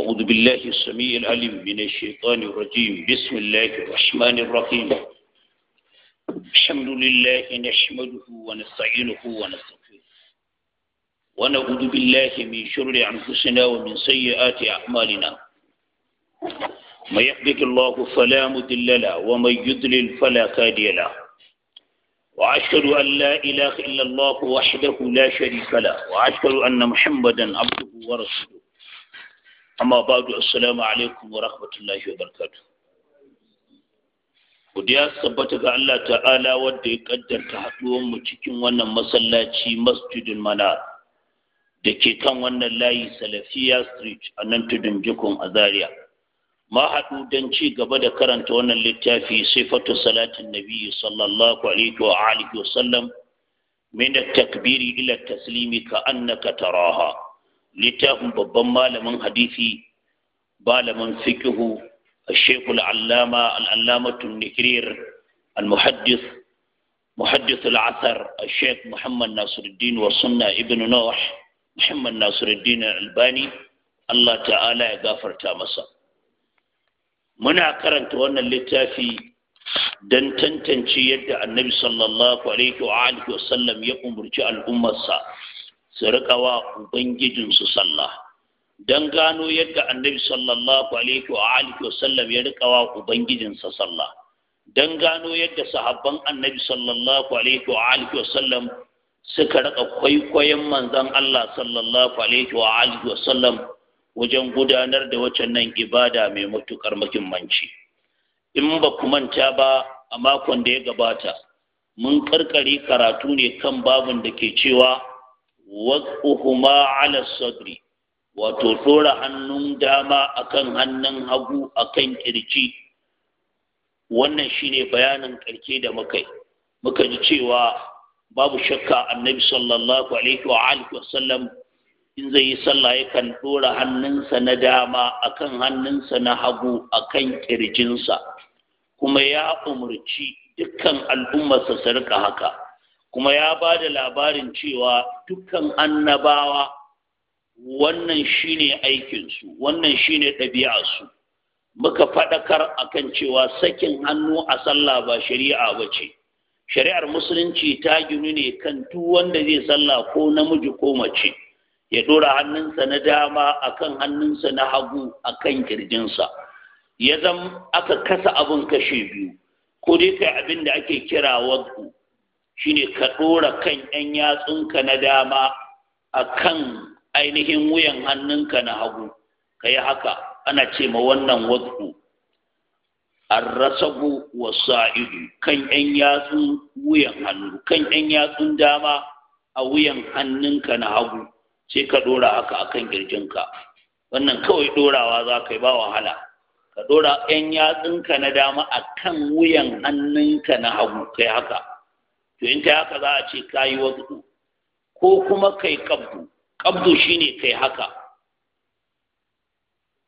أعوذ بالله السميع العليم من الشيطان الرجيم بسم الله الرحمن الرحيم الحمد لله نحمده ونستعينه ونستغفره ونعوذ بالله من شر أنفسنا ومن سيئات أعمالنا من يحبك الله فلا مضل له ومن يضلل فلا هادي له وأشهد أن لا إله إلا الله وحده لا شريك له وأشهد أن محمدا عبده ورسوله amma ba'du assalamu alaikum wa rahmatullahi wa barakatuh godiya tabbata ga Allah ta'ala wanda ya kaddarta haduwar mu cikin wannan masallaci masjidin manar da ke kan wannan layi salafiya street a nan tudun jikun a Zariya. ma haɗu don ci gaba da karanta wannan littafi sifatu salatin nabi sallallahu alaihi wa alihi wa sallam min takbiri ila taslimi ka annaka taraha littafin babban malamin hadisi malamin fikihu الشيخ العلامة العلامة النكرير المحدث محدث العثر الشيخ محمد ناصر الدين والسنة ابن نوح محمد ناصر albani allah ta'ala ya gafarta masa. muna karanta wannan littafi don tantance yadda annabi sallallahu alaihi wa sallam ya umarci al'ummarsa su riƙa wa ubangijinsu sallah don gano yadda annabi sallallahu alaihi wa alihi wasallam ya riƙa wa ubangijinsa sallah don gano yadda sahabban annabi sallallahu alaihi wa alihi wasallam suka riƙa kwaikwayon manzon Allah sallallahu alaihi wa alihi wasallam wajen gudanar da waccan nan ibada mai matuƙar muhimmanci in ba ku manta ba a makon da ya gabata mun karkare karatu ne kan babin da ke cewa وضعهما wato tsora hannun dama akan hannun hagu akan kirji wannan shine bayanin karke da muka yi muka ji cewa babu shakka annabi sallallahu alaihi wa wasallam in zai yi sallah yakan dora hannunsa na dama akan hannunsa na hagu akan ƙirjinsa, kuma ya umarci dukkan al'ummarsa su haka kuma ya ba da labarin cewa dukkan annabawa wannan shine aikinsu wannan shine ɗabi'arsu muka faɗakar a kan cewa sakin hannu a sallah ba shari'a ba ce shari'ar musulunci ta ginu ne kan duk wanda zai sallah ko namiji ko mace ya ɗora hannunsa na dama akan hannunsa na hagu akan kirjinsa ya zama aka kasa abin kashe biyu ko dai kai abin da ake kira wadu shine ka ɗora kan ‘yan yatsunka na dama a kan ainihin wuyan hannunka na hagu ka yi haka ana ce ma wannan rasa arrasagu wa sa'idu kan ‘yan yatsun wuyan hannu kan ‘yan yatsun dama a wuyan hannunka na hagu sai ka ɗora haka a kan ƙirjinka wannan kawai ɗorawa za ka yi ba wahala ka ɗora ‘yan yatsunka na dama a kan wuyan hannunka na hagu kai haka to in ta haka za a ce ka yi wasu ko kuma kai kabdu kabdu shine kai haka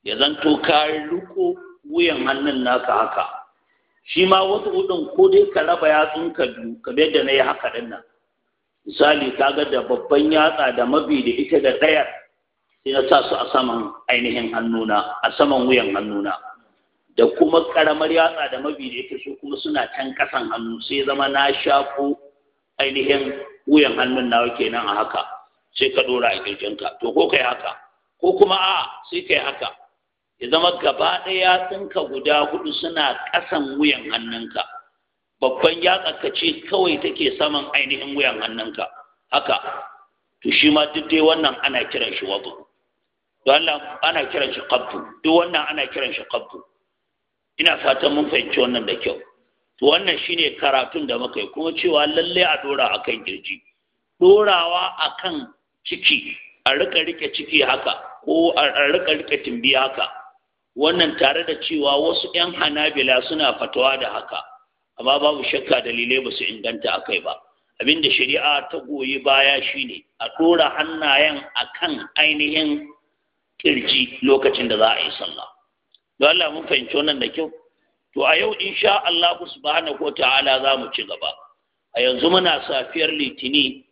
ya zanto ka riko wuyan hannun naka haka shi ma wasu hudun ko dai ka raba yatsun ka biyu kamar da na yi haka din nan misali ga da babban yatsa da mabi da ita da ɗayar sai sa su a saman ainihin hannuna a saman wuyan hannuna da kuma ƙaramar yatsa da mabi da ita su kuma suna can ƙasan hannu sai zama na shafo ainihin wuyan hannun nawa kenan a haka sai ka dora a kirjinka to ko kai haka ko kuma a sai kai haka ya zama gaba ɗaya yatsunka guda hudu suna ƙasan wuyan hannunka babban yatsa ce kawai take saman ainihin wuyan hannunka haka to shi ma duk dai wannan ana kiran shi wabu Allah ana kiran shi qabdu duk wannan ana kiran shi qabdu ina fatan mun fahimci wannan da kyau to wannan shine karatun da muka yi kuma cewa lalle a dora akan kirji dorawa akan ciki a rika rike ciki haka ko a rika rike timbi haka wannan tare da cewa wasu yan hanabila suna fatawa da haka amma babu shakka dalilai ba su inganta akai ba abinda shari'a ta goyi baya shine a dora hannayen akan ainihin kirji lokacin da za a yi sallah don Allah mun fahimci wannan da kyau to a yau insha Allah subhanahu ta'ala za mu ci gaba a yanzu muna safiyar litini